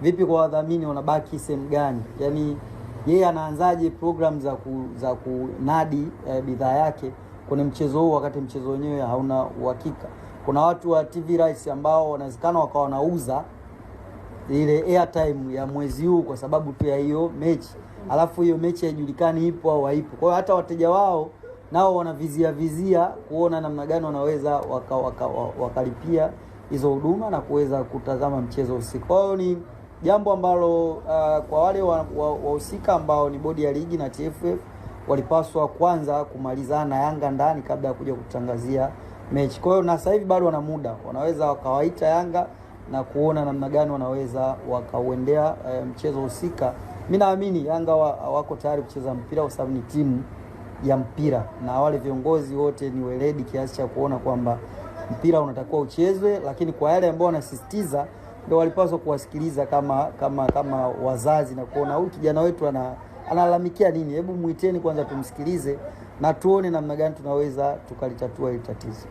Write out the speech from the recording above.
vipi kwa wadhamini wanabaki sehemu gani? Yaani yeye anaanzaje program za ku, za kunadi e, bidhaa yake kwenye mchezo huu wakati mchezo wenyewe hauna uhakika. Kuna watu wa TV rights ambao wanawezekana wakawa wanauza ile airtime ya mwezi huu kwa sababu tu ya hiyo mechi, alafu hiyo mechi haijulikani ipo au haipo. Kwa hiyo hata wateja wao nao wanavizia vizia kuona namna gani wanaweza wakalipia waka, waka, waka hizo huduma na kuweza kutazama mchezo usiku. Kwa hiyo ni jambo ambalo uh, kwa wale wahusika wa, wa ambao ni bodi ya ligi na TFF walipaswa kwanza kumalizana na Yanga ndani kabla ya kuja kutangazia mechi. Kwa hiyo na sasa hivi bado wana muda, wanaweza wakawaita Yanga na kuona namna gani wanaweza wakauendea e, mchezo husika. Mi naamini Yanga wa, wako tayari kucheza mpira kwa sababu ni timu ya mpira na wale viongozi wote ni weledi kiasi cha kuona kwamba mpira unatakiwa uchezwe, lakini kwa yale ambao wanasisitiza ndo walipaswa kuwasikiliza kama kama kama wazazi na kuona huyu kijana wetu ana analalamikia nini. Hebu mwiteni kwanza tumsikilize na tuone namna gani tunaweza tukalitatua hili tatizo.